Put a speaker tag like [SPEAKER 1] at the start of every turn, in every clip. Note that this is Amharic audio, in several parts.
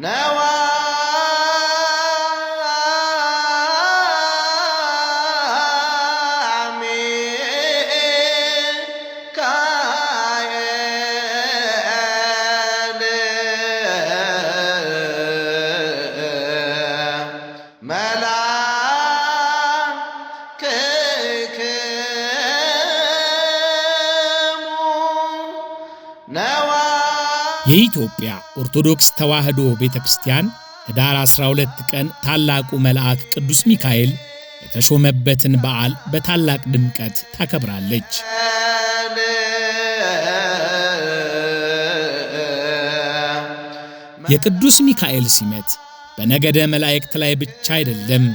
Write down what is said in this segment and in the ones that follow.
[SPEAKER 1] Now I የኢትዮጵያ ኦርቶዶክስ ተዋሕዶ ቤተ ክርስቲያን ኅዳር 12 ቀን ታላቁ መልአክ ቅዱስ ሚካኤል የተሾመበትን በዓል በታላቅ ድምቀት ታከብራለች። የቅዱስ ሚካኤል ሲመት በነገደ መላእክት ላይ ብቻ አይደለም፣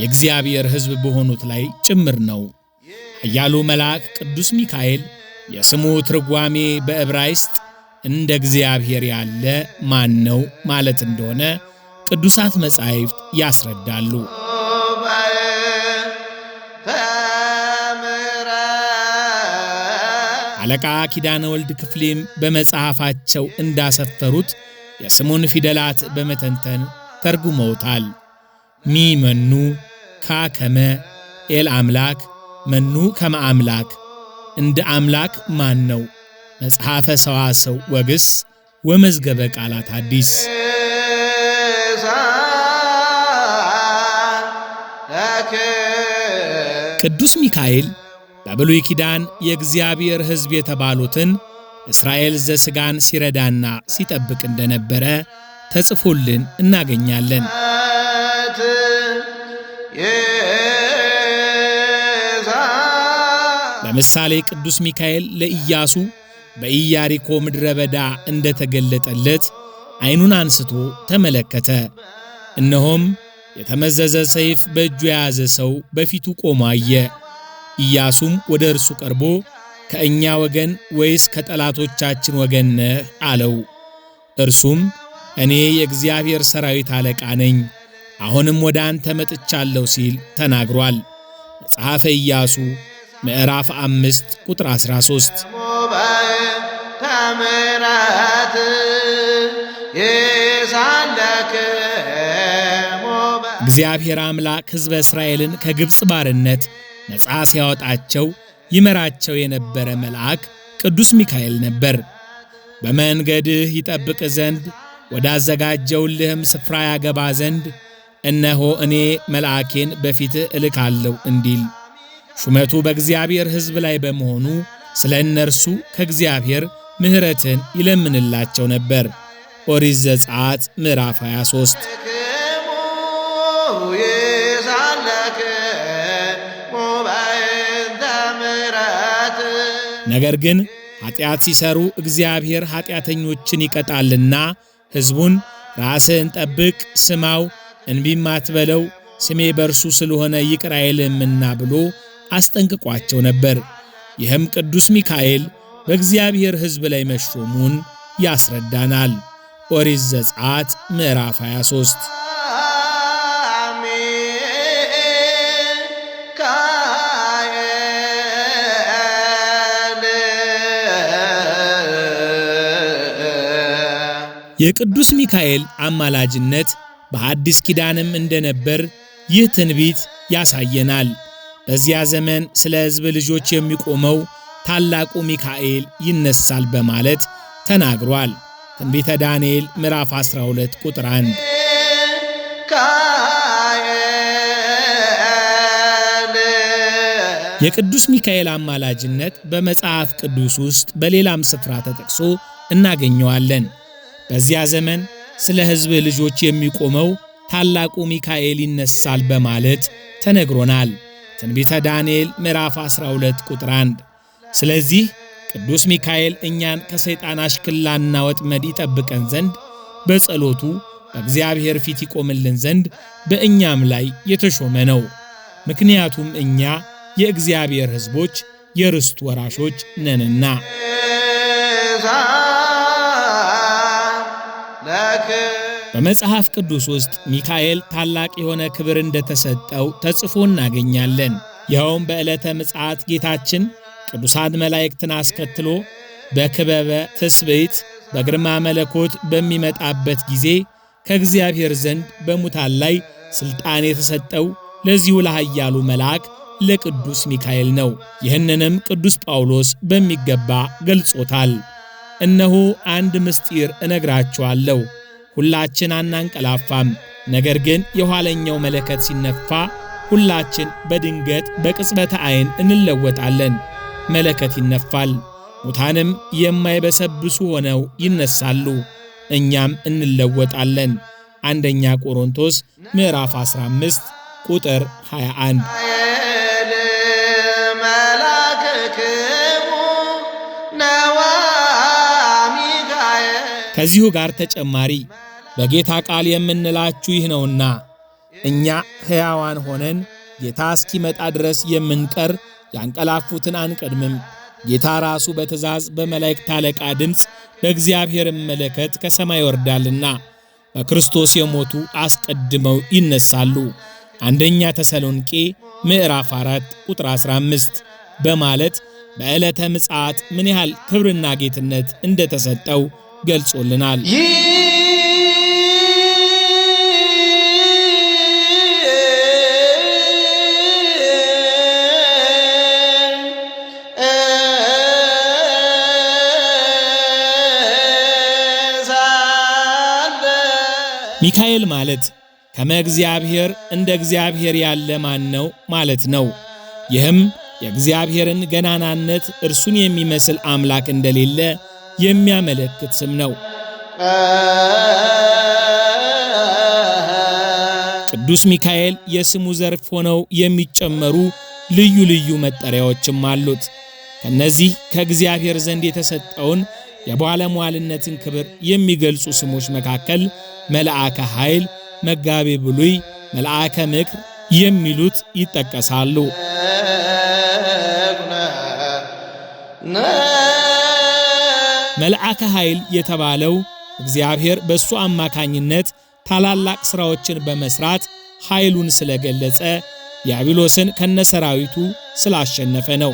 [SPEAKER 1] የእግዚአብሔር ሕዝብ በሆኑት ላይ ጭምር ነው። ኃያሉ መልአክ ቅዱስ ሚካኤል የስሙ ትርጓሜ በዕብራይስጥ እንደ እግዚአብሔር ያለ ማን ነው ማለት እንደሆነ ቅዱሳት መጻሕፍት ያስረዳሉ። አለቃ ኪዳነ ወልድ ክፍሌም በመጽሐፋቸው እንዳሰፈሩት የስሙን ፊደላት በመተንተን ተርጉመውታል። ሚ መኑ፣ ካ ከመ፣ ኤል አምላክ፣ መኑ ከመ አምላክ፣ እንደ አምላክ ማን ነው መጽሐፈ ሰዋሰው ወግስ ወመዝገበ ቃላት አዲስ ቅዱስ ሚካኤል በብሉይ ኪዳን የእግዚአብሔር ሕዝብ የተባሉትን እስራኤል ዘሥጋን ሲረዳና ሲጠብቅ እንደነበረ ተጽፎልን እናገኛለን። ለምሳሌ ቅዱስ ሚካኤል ለኢያሱ በኢያሪኮ ምድረ በዳ እንደተገለጠለት ዐይኑን አንስቶ ተመለከተ። እነሆም የተመዘዘ ሰይፍ በእጁ የያዘ ሰው በፊቱ ቆሞ አየ። ኢያሱም ወደ እርሱ ቀርቦ ከእኛ ወገን ወይስ ከጠላቶቻችን ወገን ነህ? አለው። እርሱም እኔ የእግዚአብሔር ሰራዊት አለቃ ነኝ፣ አሁንም ወደ አንተ መጥቻለሁ ሲል ተናግሯል። መጽሐፈ ኢያሱ ምዕራፍ አምስት ቁጥር 13 እግዚአብሔር አምላክ ሕዝበ እስራኤልን ከግብፅ ባርነት ነፃ ሲያወጣቸው ይመራቸው የነበረ መልአክ ቅዱስ ሚካኤል ነበር። በመንገድህ ይጠብቅ ዘንድ ወዳዘጋጀውልህም ስፍራ ያገባ ዘንድ እነሆ እኔ መልአኬን በፊትህ እልካለሁ እንዲል ሹመቱ በእግዚአብሔር ሕዝብ ላይ በመሆኑ ስለ እነርሱ ከእግዚአብሔር ምሕረትን ይለምንላቸው ነበር። ኦሪት ዘጸአት ምዕራፍ 23 ነገር ግን ኀጢአት ሲሠሩ እግዚአብሔር ኀጢአተኞችን ይቀጣልና ሕዝቡን ራስህን ጠብቅ፣ ስማው፣ እንቢም አትበለው፣ ስሜ በርሱ ስለሆነ ይቅር አይልምና ብሎ አስጠንቅቋቸው ነበር። ይህም ቅዱስ ሚካኤል በእግዚአብሔር ሕዝብ ላይ መሾሙን ያስረዳናል። ኦሪት ዘጸአት ምዕራፍ 23 የቅዱስ ሚካኤል አማላጅነት በአዲስ ኪዳንም እንደነበር ይህ ትንቢት ያሳየናል። በዚያ ዘመን ስለ ሕዝብ ልጆች የሚቆመው ታላቁ ሚካኤል ይነሳል በማለት ተናግሯል። ትንቢተ ዳንኤል ምዕራፍ 12 ቁጥር 1 የቅዱስ ሚካኤል አማላጅነት በመጽሐፍ ቅዱስ ውስጥ በሌላም ስፍራ ተጠቅሶ እናገኘዋለን። በዚያ ዘመን ስለ ሕዝብ ልጆች የሚቆመው ታላቁ ሚካኤል ይነሳል በማለት ተነግሮናል። ትንቢተ ዳንኤል ምዕራፍ 12 ቁጥር 1። ስለዚህ ቅዱስ ሚካኤል እኛን ከሰይጣን አሽክላና ወጥመድ ይጠብቀን ዘንድ በጸሎቱ በእግዚአብሔር ፊት ይቆምልን ዘንድ በእኛም ላይ የተሾመ ነው። ምክንያቱም እኛ የእግዚአብሔር ሕዝቦች የርስት ወራሾች ነንና። በመጽሐፍ ቅዱስ ውስጥ ሚካኤል ታላቅ የሆነ ክብር እንደተሰጠው ተጽፎ እናገኛለን። ይኸውም በዕለተ ምጽአት ጌታችን ቅዱሳን መላእክትን አስከትሎ በክበበ ትስብእት በግርማ መለኮት በሚመጣበት ጊዜ ከእግዚአብሔር ዘንድ በሙታን ላይ ሥልጣን የተሰጠው ለዚሁ ለኃያሉ መልአክ ለቅዱስ ሚካኤል ነው። ይህንንም ቅዱስ ጳውሎስ በሚገባ ገልጾታል። እነሆ አንድ ምስጢር እነግራችኋለሁ ሁላችን አናንቀላፋም። ነገር ግን የኋለኛው መለከት ሲነፋ ሁላችን በድንገት በቅጽበተ ዐይን እንለወጣለን። መለከት ይነፋል፣ ሙታንም የማይበሰብሱ ሆነው ይነሳሉ፣ እኛም እንለወጣለን። አንደኛ ቆሮንቶስ ምዕራፍ 15 ቁጥር 21 ከዚሁ ጋር ተጨማሪ በጌታ ቃል የምንላችሁ ይህ ነውና እኛ ሕያዋን ሆነን ጌታ እስኪመጣ ድረስ የምንቀር ያንቀላፉትን አንቀድምም። ጌታ ራሱ በትእዛዝ በመላእክት አለቃ ድምፅ በእግዚአብሔርም መለከት ከሰማይ ይወርዳልና በክርስቶስ የሞቱ አስቀድመው ይነሳሉ። አንደኛ ተሰሎንቄ ምዕራፍ 4 ቁጥር 15 በማለት በዕለተ ምጽአት ምን ያህል ክብርና ጌትነት እንደተሰጠው ገልጾልናል። ሚካኤል ማለት ከመእግዚአብሔር እንደ እግዚአብሔር ያለ ማን ነው ማለት ነው። ይህም የእግዚአብሔርን ገናናነት እርሱን የሚመስል አምላክ እንደሌለ የሚያመለክት ስም ነው። ቅዱስ ሚካኤል የስሙ ዘርፍ ሆነው የሚጨመሩ ልዩ ልዩ መጠሪያዎችም አሉት። ከነዚህ ከእግዚአብሔር ዘንድ የተሰጠውን የባለሟልነትን ክብር የሚገልጹ ስሞች መካከል መልአከ ኃይል፣ መጋቤ ብሉይ፣ መልአከ ምክር የሚሉት ይጠቀሳሉ። መልአከ ኃይል የተባለው እግዚአብሔር በእሱ አማካኝነት ታላላቅ ሥራዎችን በመሥራት ኃይሉን ስለገለጸ ዲያብሎስን ከነሰራዊቱ ስላሸነፈ ነው።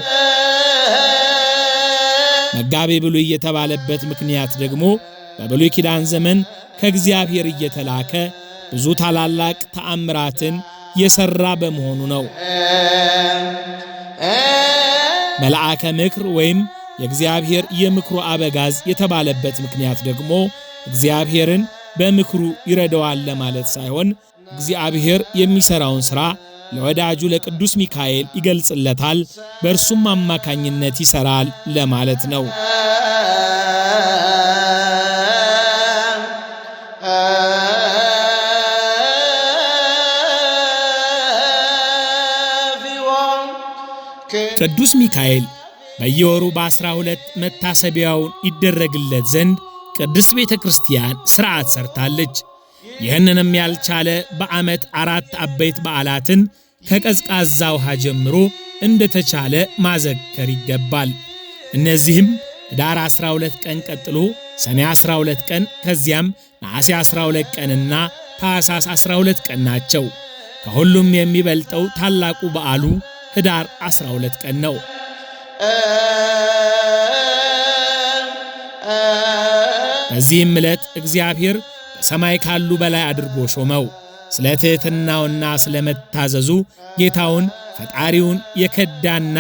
[SPEAKER 1] መጋቤ ብሉይ የተባለበት ምክንያት ደግሞ በብሉይ ኪዳን ዘመን ከእግዚአብሔር እየተላከ ብዙ ታላላቅ ተአምራትን የሠራ በመሆኑ ነው። መልአከ ምክር ወይም የእግዚአብሔር የምክሩ አበጋዝ የተባለበት ምክንያት ደግሞ እግዚአብሔርን በምክሩ ይረዳዋል ለማለት ሳይሆን እግዚአብሔር የሚሠራውን ሥራ ለወዳጁ ለቅዱስ ሚካኤል ይገልጽለታል፣ በእርሱም አማካኝነት ይሠራል ለማለት ነው። ቅዱስ ሚካኤል በየወሩ በአስራ ሁለት መታሰቢያውን ይደረግለት ዘንድ ቅድስት ቤተ ክርስቲያን ሥርዓት ሰርታለች። ይህንንም ያልቻለ በዓመት አራት አበይት በዓላትን ከቀዝቃዛ ውሃ ጀምሮ እንደተቻለ ማዘከር ይገባል። እነዚህም ኅዳር 12 ቀን ቀጥሎ ሰኔ 12 ቀን ከዚያም ነሐሴ 12 ቀንና ታኅሳስ 12 ቀን ናቸው። ከሁሉም የሚበልጠው ታላቁ በዓሉ ኅዳር 12 ቀን ነው። በዚህም ዕለት እግዚአብሔር በሰማይ ካሉ በላይ አድርጎ ሾመው። ስለ ትሕትናውና ስለ መታዘዙ ጌታውን ፈጣሪውን የከዳና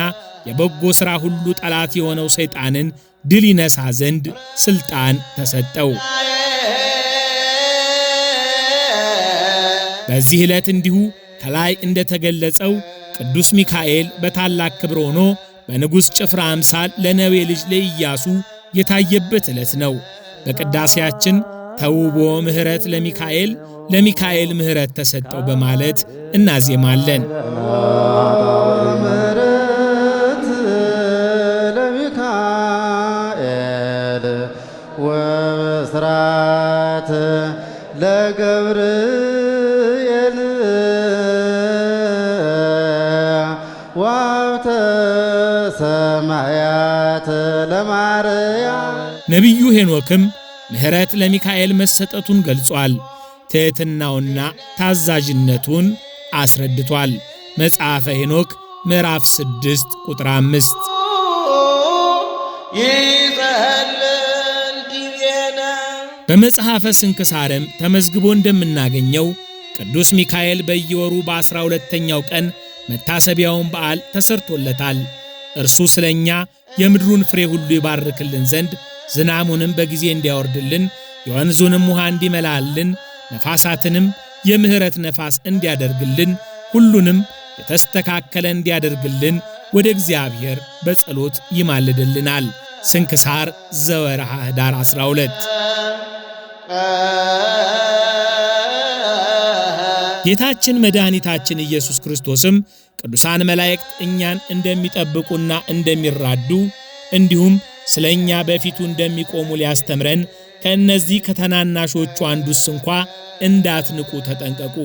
[SPEAKER 1] የበጎ ሥራ ሁሉ ጠላት የሆነው ሰይጣንን ድል ይነሳ ዘንድ ሥልጣን ተሰጠው። በዚህ ዕለት እንዲሁ ከላይ እንደተገለጸው ቅዱስ ሚካኤል በታላቅ ክብር ሆኖ በንጉሥ ጭፍራ አምሳል ለነዌ ልጅ ለኢያሱ የታየበት ዕለት ነው። በቅዳሴያችን ተውቦ ምሕረት ለሚካኤል ለሚካኤል ምሕረት ተሰጠው በማለት እናዜማለን። ነቢዩ ሄኖክም ምሕረት ለሚካኤል መሰጠቱን ገልጿል። ትሕትናውና ታዛዥነቱን አስረድቷል። መጽሐፈ ሄኖክ ምዕራፍ 6 ቁጥር 5 በመጽሐፈ ስንክሳርም ተመዝግቦ እንደምናገኘው ቅዱስ ሚካኤል በየወሩ በዐሥራ ሁለተኛው ቀን መታሰቢያውን በዓል ተሰርቶለታል። እርሱ ስለ እኛ የምድሩን ፍሬ ሁሉ ይባርክልን ዘንድ ዝናሙንም በጊዜ እንዲያወርድልን የወንዙንም ውሃ እንዲመላልን ነፋሳትንም የምሕረት ነፋስ እንዲያደርግልን ሁሉንም የተስተካከለ እንዲያደርግልን ወደ እግዚአብሔር በጸሎት ይማልድልናል። ስንክሳር ዘወርሃ ኅዳር 12 ጌታችን መድኃኒታችን ኢየሱስ ክርስቶስም ቅዱሳን መላእክት እኛን እንደሚጠብቁና እንደሚራዱ እንዲሁም ስለ እኛ በፊቱ እንደሚቆሙ ሊያስተምረን ከእነዚህ ከተናናሾቹ አንዱስ እንኳ እንዳትንቁ ተጠንቀቁ።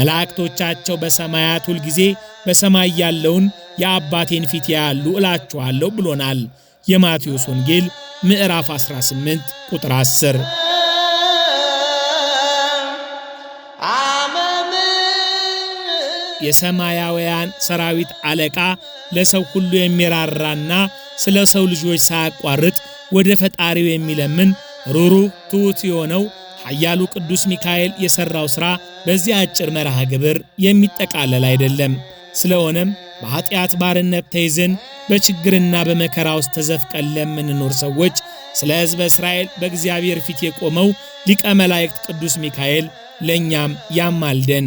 [SPEAKER 1] መላእክቶቻቸው በሰማያት ሁል ጊዜ በሰማይ ያለውን የአባቴን ፊት ያሉ እላችኋለሁ ብሎናል። የማቴዎስ ወንጌል ምዕራፍ 18 ቁጥር 10 የሰማያውያን ሰራዊት አለቃ ለሰው ሁሉ የሚራራና ስለ ሰው ልጆች ሳያቋርጥ ወደ ፈጣሪው የሚለምን ሩሩህ ትሑት የሆነው ኃያሉ ቅዱስ ሚካኤል የሠራው ሥራ በዚህ አጭር መርሃ ግብር የሚጠቃለል አይደለም። ስለሆነም በኀጢአት ባርነት ተይዘን በችግርና በመከራ ውስጥ ተዘፍቀን ለምንኖር ሰዎች ስለ ሕዝበ እስራኤል በእግዚአብሔር ፊት የቆመው ሊቀ መላእክት ቅዱስ ሚካኤል ለእኛም ያማልደን።